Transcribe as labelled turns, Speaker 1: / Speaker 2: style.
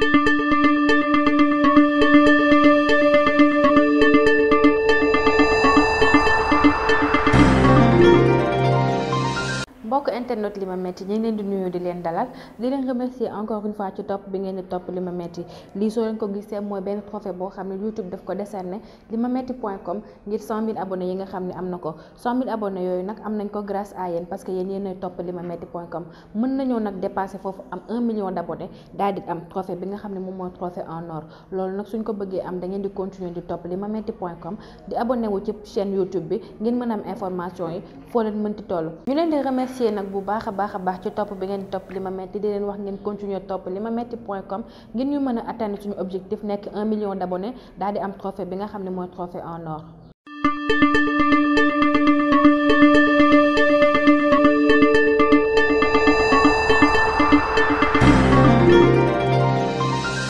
Speaker 1: Thank you. mbokk internet li ma metti ñu ngi leen di nuyu di leen dalal di leen remercier encore une topp bi ngeen di topp li ma metti lii soo leen ko gisee mooy benn trophée boo xam ne youtube daf am na ko 100000 abonnés yooyu nag am nañ ko grâce à yéen parce que yéen yéenay topp li ma metti point com mën nañoo nag dépassé foofu am 1 million d' abonnés daal di am trophée bi nga xam ne moom mooy trophée en or loolu nag suñ ko bëggee am da di continuer di topp li ma metti point com di abonné wu ci chaîne yi foo leen mënti remercier nag bu baax a baax a baax ci topp bi ngeen topp li ma metti di leen wax ngeen continuer topp lima ma metti point com ngir ñu mën a atteindre suñu objectif nekk un million d'abonnés daal di am trophée bi nga xam ne mooy trophée en or